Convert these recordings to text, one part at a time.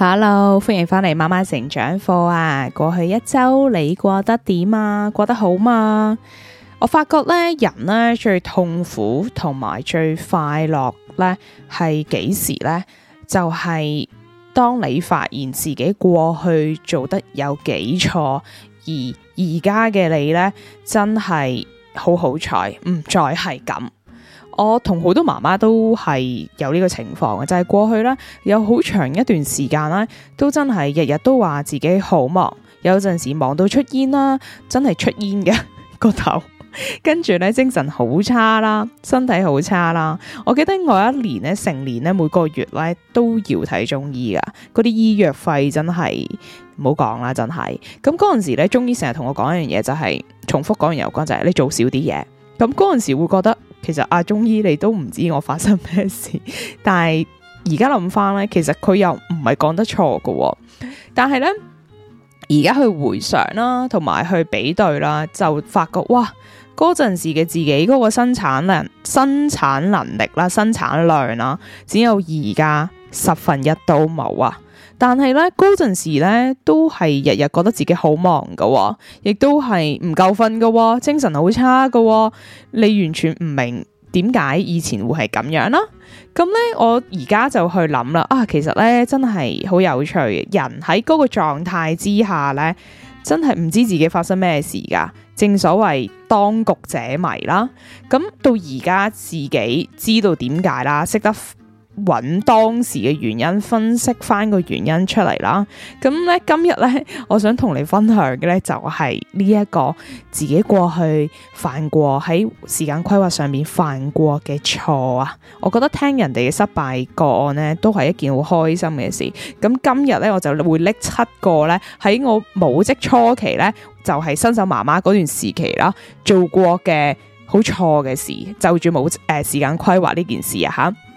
Hello，歡迎翻嚟媽媽成長課啊！過去一周你過得點啊？過得好嗎？我發覺咧，人咧最痛苦同埋最快樂咧係幾時咧？就係、是、當你發現自己過去做得有幾錯，而而家嘅你咧真係好好彩，唔再係咁。我同好多媽媽都係有呢個情況嘅，就係過去啦，有好長一段時間啦，都真係日日都話自己好忙，有陣時忙到出煙啦，真係出煙嘅個頭，跟住咧精神好差啦，身體好差啦。我記得我一年咧成年咧每個月咧都要睇中醫㗎，嗰啲醫藥費真係唔好講啦，真係。咁嗰陣時咧，中醫成日同我講一樣嘢，就係重複講完又講，就係你做少啲嘢。咁嗰陣時會覺得。其實阿、啊、中醫你都唔知我發生咩事，但係而家諗翻咧，其實佢又唔係講得錯喎、哦。但係咧而家去回想啦，同埋去比對啦，就發覺哇，嗰陣時嘅自己嗰個生產能、生產能力啦、生產量啦，只有而家十分一都冇啊！但係咧，嗰陣時咧都係日日覺得自己好忙噶喎，亦都係唔夠瞓噶喎，精神好差噶喎，你完全唔明點解以前會係咁樣啦。咁咧，我而家就去諗啦。啊，其實咧真係好有趣，人喺嗰個狀態之下咧，真係唔知自己發生咩事噶。正所謂當局者迷啦。咁到而家自己知道點解啦，識得。搵當時嘅原因，分析翻個原因出嚟啦。咁咧，今日咧，我想同你分享嘅咧、這個，就係呢一個自己過去犯過喺時間規劃上面犯過嘅錯啊。我覺得聽人哋嘅失敗個案咧，都係一件好開心嘅事。咁今日咧，我就會拎七個咧喺我母職初期咧，就係、是、新手媽媽嗰段時期啦，做過嘅好錯嘅事，就住冇誒時間規劃呢件事啊，嚇。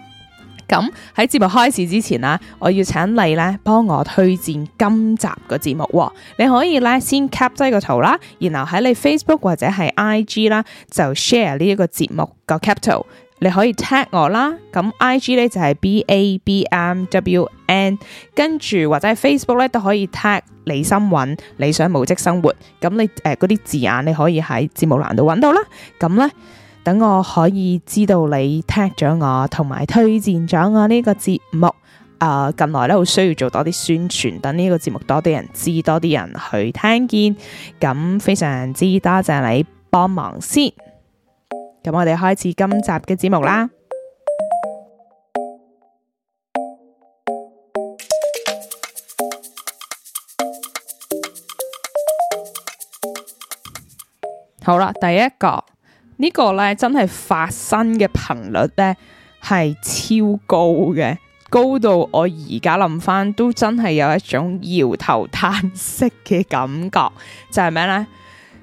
咁喺節目開始之前啦、啊，我要請你咧幫我推薦今集個節目、喔。你可以咧先 cap 低個圖啦，然後喺你 Facebook 或者係 IG 啦就 share 呢一個節目個 cap 圖，你可以 tag 我啦，咁 IG 咧就係 b a b m w n，跟住或者係 Facebook 咧都可以 tag 李心尹理想母職生活。咁你誒嗰啲字眼你可以喺節目欄度搵到啦。咁咧。等我可以知道你聽咗我，同埋推薦咗我呢個節目。誒、呃，近來咧好需要做多啲宣傳，等呢個節目多啲人知，多啲人去聽見。咁非常之多謝你幫忙先。咁我哋開始今集嘅節目啦。好啦，第一個。這個、呢個呢真係發生嘅頻率呢係超高嘅，高到我而家諗翻都真係有一種搖頭嘆息嘅感覺，就係、是、咩呢？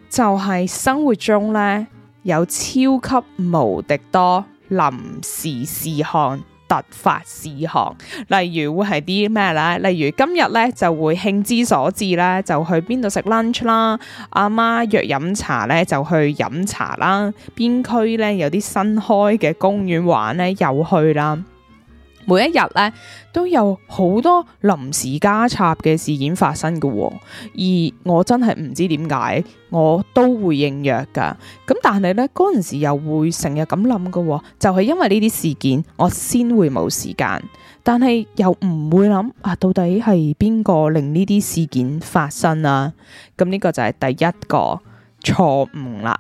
就係、是、生活中呢，有超級無敵多臨時事項。突發事項，例如會係啲咩呢？例如今日呢，就會興之所至啦，就去邊度食 lunch 啦。阿媽約飲茶呢，就去飲茶啦。邊區呢，有啲新開嘅公園玩呢，又去啦。每一日咧都有好多臨時加插嘅事件發生嘅哦，而我真係唔知點解我都會應約噶，咁但係呢，嗰陣時又會成日咁諗嘅，就係因為呢啲事件我先會冇時間，但係又唔會諗啊，到底係邊個令呢啲事件發生啊？咁呢個就係第一個錯誤啦。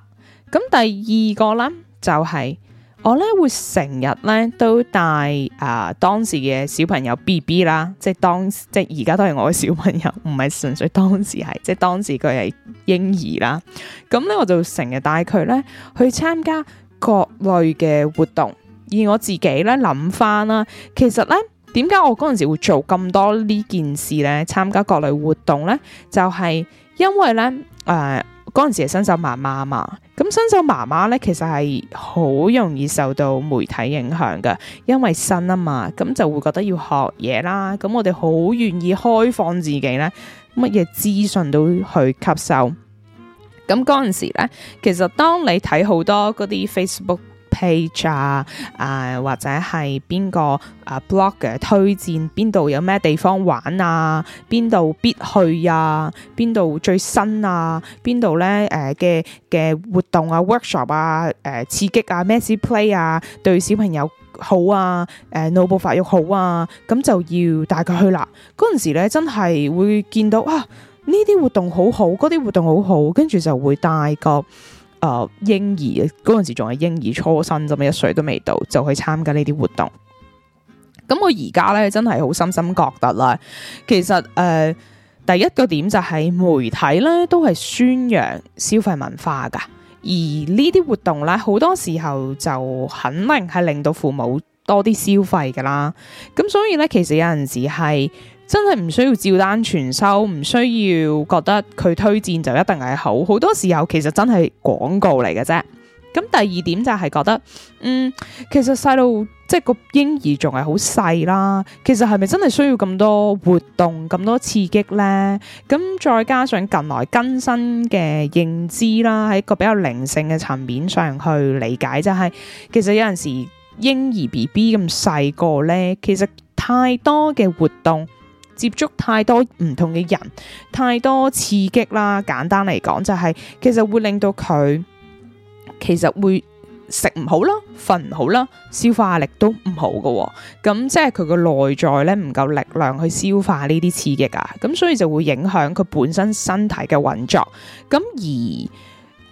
咁第二個呢，就係。我咧會成日咧都帶啊、呃、當時嘅小朋友 B B 啦，即係當即係而家都係我嘅小朋友，唔係純粹當時係，即係當時佢係嬰兒啦。咁咧我就成日帶佢咧去參加各類嘅活動。而我自己咧諗翻啦，其實咧點解我嗰陣時會做咁多呢件事咧？參加各類活動咧，就係、是、因為咧誒嗰陣時係新手媽媽啊嘛。咁新手媽媽咧，其實係好容易受到媒體影響嘅，因為新啊嘛，咁就會覺得要學嘢啦。咁我哋好願意開放自己咧，乜嘢資訊都去吸收。咁嗰陣時咧，其實當你睇好多嗰啲 Facebook page 啊，誒、啊、或者係邊個啊 blog 嘅推薦，邊度有咩地方玩啊？邊度必去啊？邊度最新啊？邊度咧誒嘅嘅活動啊，workshop 啊，誒、呃、刺激啊，messy play 啊，對小朋友好啊，誒、呃、腦部發育好啊，咁就要帶佢去啦。嗰陣時咧，真係會見到啊，呢啲活動好好，嗰啲活動好好，跟住就會帶個。誒、uh，嬰兒嗰陣時仲係嬰兒初生，咁一歲都未到就去參加呢啲活動。咁我而家咧真係好深深覺得啦。其實誒、呃，第一個點就係媒體咧都係宣揚消費文化噶，而呢啲活動咧好多時候就肯定係令到父母多啲消費噶啦。咁所以咧，其實有陣時係。真係唔需要照單全收，唔需要覺得佢推薦就一定係好。好多時候其實真係廣告嚟嘅啫。咁第二點就係覺得，嗯，其實細路即係個嬰兒仲係好細啦。其實係咪真係需要咁多活動、咁多刺激呢？咁再加上近來更新嘅認知啦，喺個比較靈性嘅層面上去理解，就係，就係其實有陣時嬰兒 BB 咁細個呢，其實太多嘅活動，接觸太多唔同嘅人，太多刺激啦。簡單嚟講就係，其實會令到佢其實會食唔好啦，瞓唔好啦，消化力都唔好噶喎。咁即係佢個內在咧唔夠力量去消化呢啲刺激啊。咁所以就會影響佢本身身體嘅運作。咁而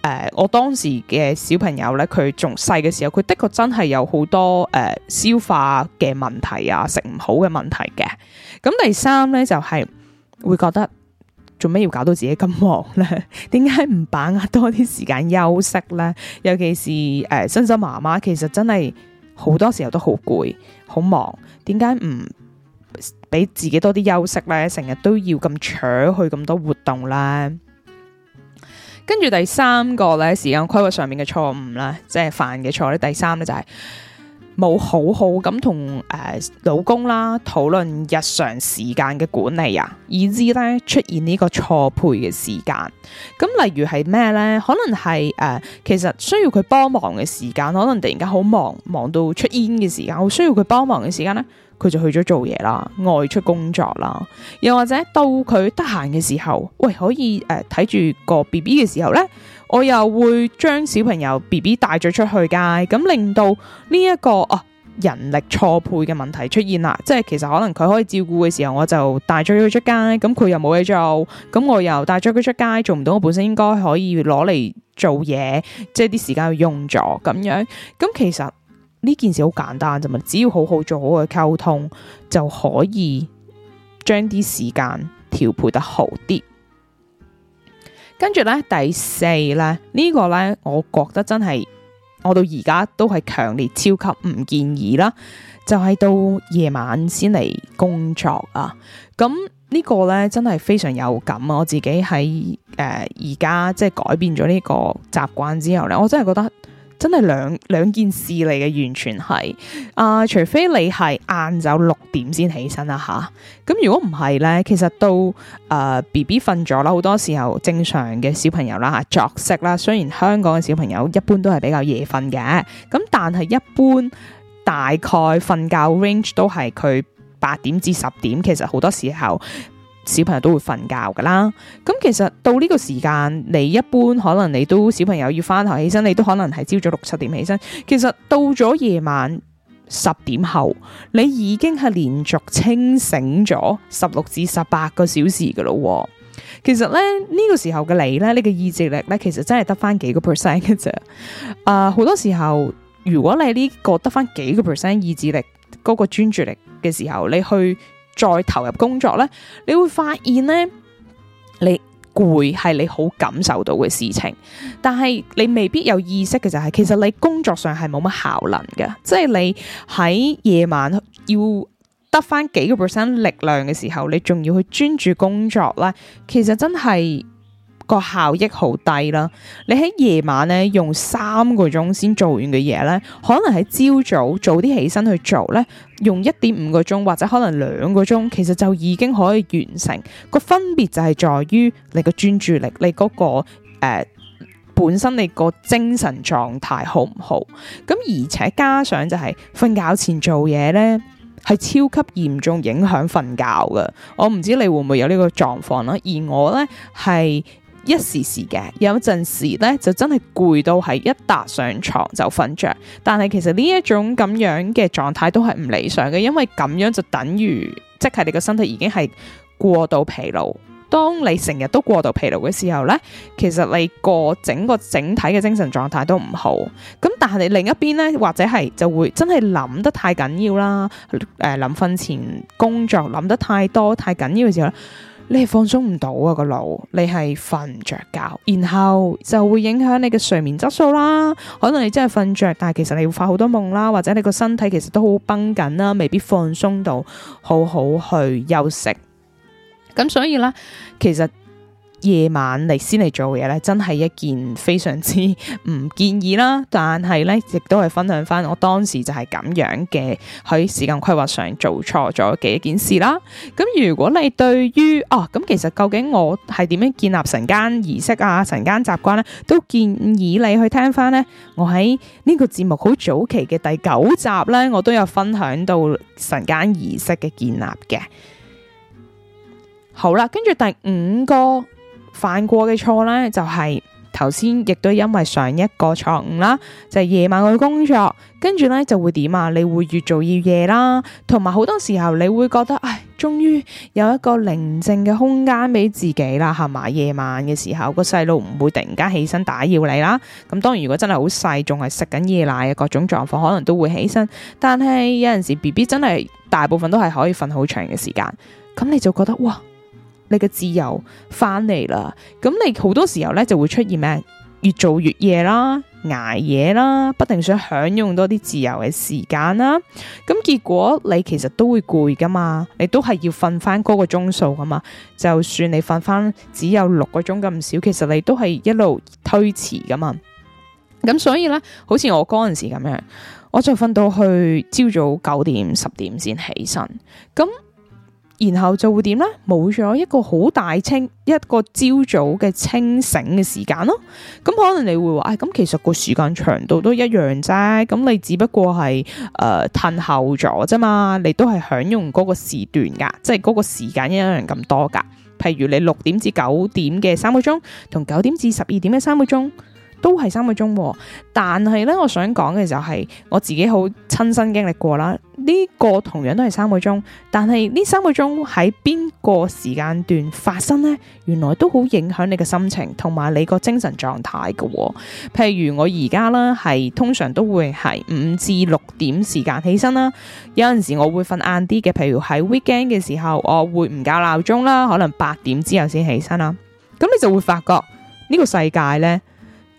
誒、呃，我當時嘅小朋友咧，佢仲細嘅時候，佢的確真係有好多誒、呃、消化嘅問題啊，食唔好嘅問題嘅。咁第三咧就係、是、會覺得做咩要搞到自己咁忙咧？點解唔把握多啲時間休息咧？尤其是誒、呃、新手媽媽，其實真係好多時候都好攰、好忙。點解唔俾自己多啲休息咧？成日都要咁搶去咁多活動咧？跟住第三個咧，時間規劃上面嘅錯誤啦，即係犯嘅錯咧，第三咧就係、是、冇好好咁同誒老公啦討論日常時間嘅管理啊，以至咧出現呢個錯配嘅時間。咁例如係咩咧？可能係誒、呃，其實需要佢幫忙嘅時間，可能突然間好忙，忙到出煙嘅時間，好需要佢幫忙嘅時間咧。佢就去咗做嘢啦，外出工作啦，又或者到佢得閒嘅時候，喂可以誒睇住個 B B 嘅時候咧，我又會將小朋友 B B 帶咗出去街，咁令到呢、這、一個哦、啊、人力錯配嘅問題出現啦，即係其實可能佢可以照顧嘅時候，我就帶咗佢出街，咁佢又冇嘢做，咁我又帶咗佢出街做唔到，我本身應該可以攞嚟做嘢，即係啲時間去用咗咁樣，咁其實。呢件事好簡單咋嘛，只要好好做好嘅溝通就可以將啲時間調配得好啲。跟住咧，第四咧，這個、呢個咧，我覺得真係我到而家都係強烈超級唔建議啦，就係、是、到夜晚先嚟工作啊。咁、嗯這個、呢個咧真係非常有感啊！我自己喺誒而家即係改變咗呢個習慣之後咧，我真係覺得。真係兩兩件事嚟嘅，完全係啊、呃！除非你係晏晝六點先起身啦吓，咁、啊、如果唔係呢，其實都誒 B B 瞓咗啦，好、呃、多時候正常嘅小朋友啦吓、啊、作息啦，雖然香港嘅小朋友一般都係比較夜瞓嘅，咁、啊、但係一般大概瞓覺 range 都係佢八點至十點，其實好多時候。小朋友都會瞓覺噶啦，咁其實到呢個時間，你一般可能你都小朋友要翻學起身，你都可能係朝早六七點起身。其實到咗夜晚十點後，你已經係連續清醒咗十六至十八個小時噶咯。其實咧呢、這個時候嘅你咧，你嘅意志力咧，其實真係得翻幾個 percent 嘅啫。啊、呃，好多時候如果你呢個得翻幾個 percent 意志力嗰、那個專注力嘅時候，你去。再投入工作咧，你會發現咧，你攰係你好感受到嘅事情，但係你未必有意識嘅就係、是，其實你工作上係冇乜效能嘅，即係你喺夜晚要得返幾個 percent 力量嘅時候，你仲要去專注工作咧，其實真係。個效益好低啦！你喺夜晚咧用三個鐘先做完嘅嘢咧，可能喺朝早早啲起身去做咧，用一點五個鐘或者可能兩個鐘，其實就已經可以完成。個分別就係在於你個專注力，你嗰個誒本身你個精神狀態好唔好？咁而且加上就係瞓覺前做嘢咧，係超級嚴重影響瞓覺噶。我唔知你會唔會有呢個狀況啦，而我咧係。是一時時嘅，有陣時咧就真係攰到係一搭上床就瞓着，但係其實呢一種咁樣嘅狀態都係唔理想嘅，因為咁樣就等於即係你個身體已經係過度疲勞。當你成日都過度疲勞嘅時候咧，其實你個整個整體嘅精神狀態都唔好。咁但係你另一邊咧，或者係就會真係諗得太緊要啦，誒臨瞓前工作諗得太多太緊要嘅時候，你係放鬆唔到啊個腦，你係瞓唔着覺，然後就會影響你嘅睡眠質素啦。可能你真係瞓着，但係其實你會發好多夢啦，或者你個身體其實都好繃緊啦，未必放鬆到好好去休息。咁所以呢，其實，夜晚嚟先嚟做嘢咧，真係一件非常之唔建議啦。但係咧，亦都係分享翻我當時就係咁樣嘅喺時間規劃上做錯咗嘅一件事啦。咁如果你對於哦，咁、啊，其實究竟我係點樣建立晨間儀式啊、晨間習慣呢，都建議你去聽翻呢。我喺呢個節目好早期嘅第九集呢，我都有分享到晨間儀式嘅建立嘅。好啦，跟住第五個。犯過嘅錯呢，就係頭先亦都因為上一個錯誤啦，就係夜晚去工作，跟住呢就會點啊？你會越做越夜啦，同埋好多時候你會覺得，唉，終於有一個寧靜嘅空間俾自己啦，係嘛？夜晚嘅時候，個細路唔會突然間起身打擾你啦。咁當然，如果真係好細，仲係食緊夜奶嘅各種狀況，可能都會起身。但係有陣時 B B 真係大部分都係可以瞓好長嘅時間，咁你就覺得哇！你嘅自由翻嚟啦，咁你好多時候呢，就會出現咩？越做越夜啦，挨夜啦，不停想享用多啲自由嘅時間啦，咁結果你其實都會攰噶嘛，你都係要瞓翻嗰個鐘數噶嘛，就算你瞓翻只有六個鐘咁少，其實你都係一路推遲噶嘛。咁所以呢，好似我嗰陣時咁樣，我就瞓到去朝早九點十點先起身，咁。然後就會點呢？冇咗一個好大清一個朝早嘅清醒嘅時間咯。咁可能你會話，哎，咁其實個時間長度都一樣啫。咁你只不過係誒褪後咗啫嘛，你都係享用嗰個時段噶，即係嗰個時間一樣咁多噶。譬如你六點至九點嘅三個鐘，同九點至十二點嘅三個鐘。都係三個鐘，但係咧，我想講嘅就係、是、我自己好親身經歷過啦。呢、這個同樣都係三個鐘，但係呢三個鐘喺邊個時間段發生呢？原來都好影響你嘅心情同埋你個精神狀態嘅。譬如我而家啦，係通常都會係五至六點時間起身啦。有陣時候我會瞓晏啲嘅，譬如喺 weekend 嘅時候，我會唔校鬧鐘啦，可能八點之後先起身啦。咁你就會發覺呢、這個世界呢。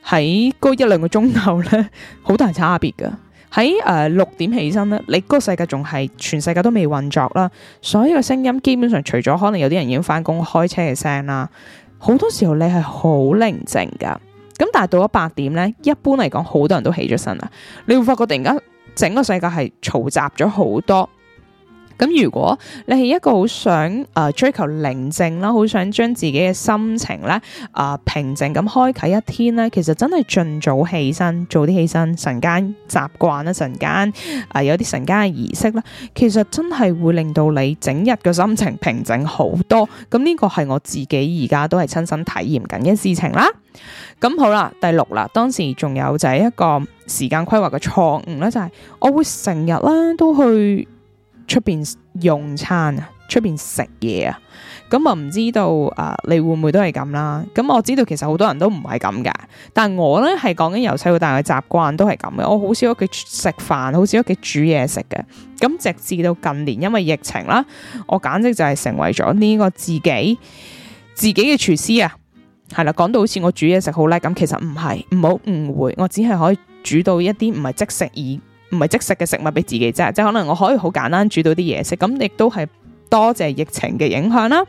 喺嗰一兩個鐘頭咧，好大差別噶喺誒六點起身咧，你嗰個世界仲係全世界都未運作啦，所以個聲音基本上除咗可能有啲人已經返工開車嘅聲啦，好多時候你係好寧靜噶咁但係到咗八點咧，一般嚟講好多人都起咗身啦，你會發覺突然間整個世界係嘈雜咗好多。咁如果你係一個好想追求寧靜啦，好想將自己嘅心情咧、呃、平靜咁開啟一天咧，其實真係盡早起身，早啲起身，晨間習慣啦，晨間、呃、有啲晨間嘅儀式啦，其實真係會令到你整日嘅心情平靜好多。咁呢個係我自己而家都係親身體驗緊嘅事情啦。咁好啦，第六啦，當時仲有就係一個時間規劃嘅錯誤咧，就係、是、我會成日啦都去。出邊用餐啊，出邊食嘢啊，咁啊唔知道啊、呃，你會唔會都係咁啦？咁、嗯、我知道其實好多人都唔係咁嘅，但係我咧係講緊由細到大嘅習慣都係咁嘅。我好少屋企食飯，好少屋企煮嘢食嘅。咁直至到近年，因為疫情啦，我簡直就係成為咗呢個自己自己嘅廚師啊。係啦，講到好似我煮嘢食好叻，咁、嗯、其實唔係，唔好誤會，我只係可以煮到一啲唔係即食而。唔係即食嘅食物俾自己食，即係可能我可以好簡單煮到啲嘢食，咁亦都係多謝疫情嘅影響啦。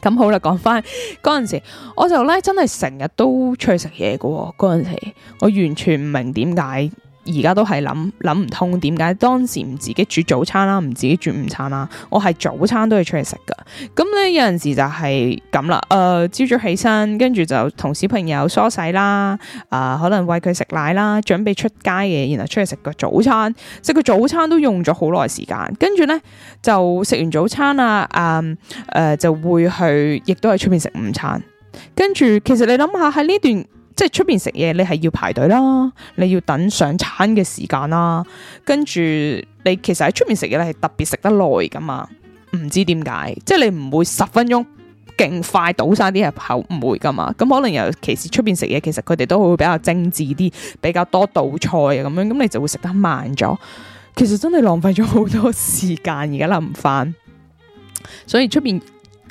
咁好啦，講翻嗰陣時，我就咧真係成日都出去食嘢嘅喎，嗰陣時我完全唔明點解。而家都係諗諗唔通點解當時唔自己煮早餐啦，唔自己煮午餐啦。我係早餐都要出去食噶。咁咧有陣時就係咁啦。誒、呃，朝早起身，跟住就同小朋友梳洗啦。啊、呃，可能餵佢食奶啦，準備出街嘅，然後出去食個早餐。食個早餐都用咗好耐時間。跟住咧就食完早餐啊，嗯、呃，誒、呃，就會去，亦都係出邊食午餐。跟住，其實你諗下喺呢段。即係出邊食嘢，你係要排隊啦，你要等上餐嘅時間啦，跟住你其實喺出邊食嘢係特別食得耐噶嘛，唔知點解，即係你唔會十分鐘勁快倒晒啲入口，唔會噶嘛，咁可能尤其是出邊食嘢，其實佢哋都會比較精緻啲，比較多道菜啊咁樣，咁你就會食得慢咗，其實真係浪費咗好多時間，而家諗唔返，所以出邊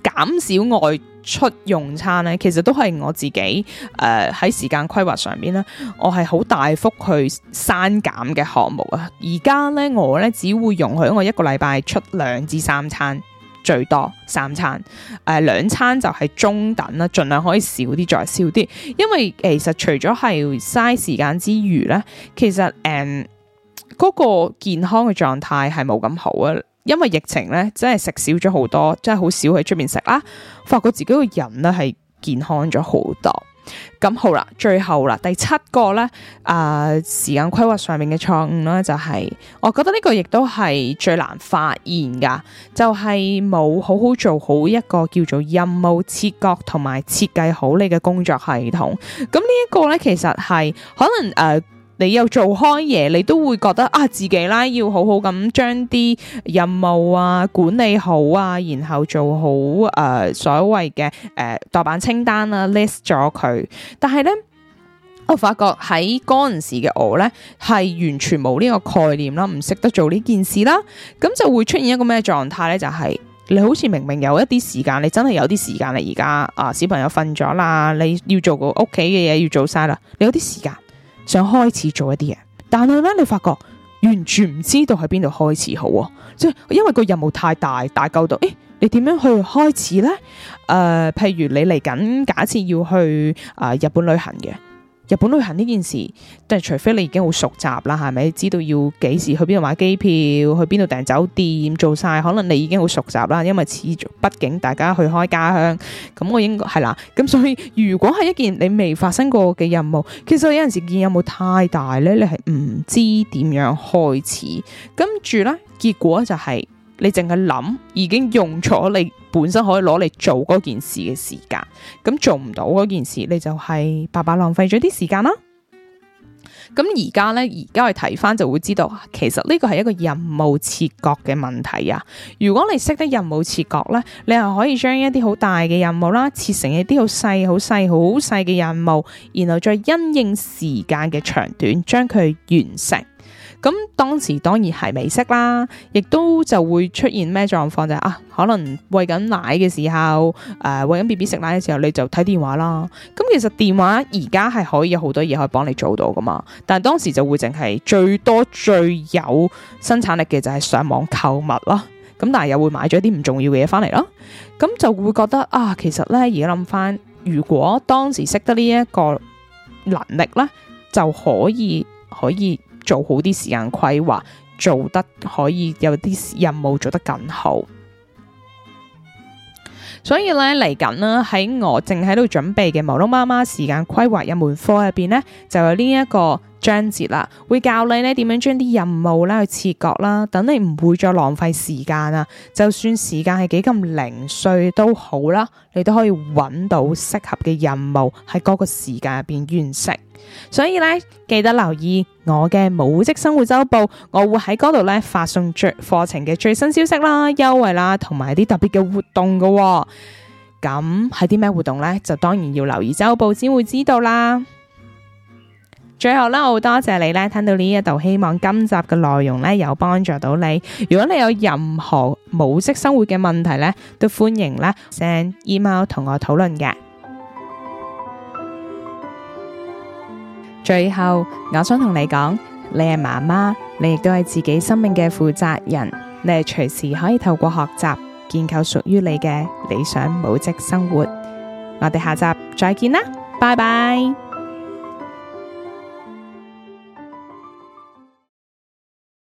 減少外出用餐咧，其實都係我自己誒喺、呃、時間規劃上面咧，我係好大幅去刪減嘅項目啊！而家咧我咧只會容許我一個禮拜出兩至三餐，最多三餐。誒、呃、兩餐就係中等啦，盡量可以少啲再少啲，因為其實除咗係嘥時間之餘咧，其實誒嗰、呃那個健康嘅狀態係冇咁好啊。因為疫情咧，真係食少咗好多，真係好少喺出面食啦，發覺自己個人咧係健康咗好多。咁好啦，最後啦，第七個咧，啊、呃、時間規劃上面嘅錯誤咧、就是，就係我覺得呢個亦都係最難發現噶，就係、是、冇好好做好一個叫做任務切割同埋設計好你嘅工作系統。咁呢一個咧，其實係可能誒。呃你又做開嘢，你都會覺得啊，自己啦要好好咁將啲任務啊管理好啊，然後做好誒、呃、所謂嘅誒代辦清單啦、啊、list 咗佢。但係呢，我發覺喺嗰陣時嘅我呢，係完全冇呢個概念啦，唔識得做呢件事啦，咁就會出現一個咩狀態呢？就係、是，你好似明明有一啲時間，你真係有啲時間你而家啊，小朋友瞓咗啦，你要做個屋企嘅嘢要做晒啦，你有啲時間。想開始做一啲嘢，但係咧你發覺完全唔知道喺邊度開始好喎、啊，即係因為個任務太大，大到到，欸，你點樣去開始呢？呃、譬如你嚟緊假設要去啊、呃、日本旅行嘅。日本旅行呢件事，都係除非你已經好熟習啦，係咪？知道要幾時去邊度買機票，去邊度訂酒店，做晒，可能你已經好熟習啦。因為始終，畢竟大家去開家鄉，咁我應該係啦。咁所以，如果係一件你未發生過嘅任務，其實有陣時見有冇太大咧，你係唔知點樣開始，跟住咧結果就係、是。你淨係諗，已經用咗你本身可以攞嚟做嗰件事嘅時間，咁做唔到嗰件事，你就係白白浪費咗啲時間啦。咁而家呢，而家去睇返就會知道，其實呢個係一個任務切割嘅問題啊。如果你識得任務切割呢，你係可以將一啲好大嘅任務啦，切成一啲好細、好細、好細嘅任務，然後再因應時間嘅長短，將佢完成。咁當時當然係未識啦，亦都就會出現咩狀況就係、是、啊，可能餵緊奶嘅時候，誒、呃、餵緊 BB 食奶嘅時候，你就睇電話啦。咁其實電話而家係可以有好多嘢可以幫你做到㗎嘛，但係當時就會淨係最多最有生產力嘅就係上網購物咯。咁但係又會買咗啲唔重要嘅嘢翻嚟咯。咁就會覺得啊，其實呢，而家諗翻，如果當時識得呢一個能力呢，就可以可以。做好啲時間規劃，做得可以有啲任務做得更好。所以咧，嚟緊啦，喺我淨喺度準備嘅《忙碌媽媽時間規劃》入門課入邊呢，就有呢一個章節啦，會教你咧點樣將啲任務啦去切割啦，等你唔會再浪費時間啊！就算時間係幾咁零碎都好啦，你都可以揾到適合嘅任務喺嗰個時間入邊完成。所以咧，記得留意我嘅母職生活週報，我會喺嗰度咧發送最課程嘅最新消息啦、優惠啦，同埋啲特別嘅活動噶喎。咁係啲咩活動呢？就當然要留意週報先會知道啦。最後咧，我好多謝你咧，聽到呢一度，希望今集嘅內容咧有幫助到你。如果你有任何母職生活嘅問題咧，都歡迎咧 send email 同我討論嘅。最後，我想同你講，你係媽媽，你亦都係自己生命嘅負責人。你係隨時可以透過學習，建構屬於你嘅理想母職生活。我哋下集再見啦，拜拜。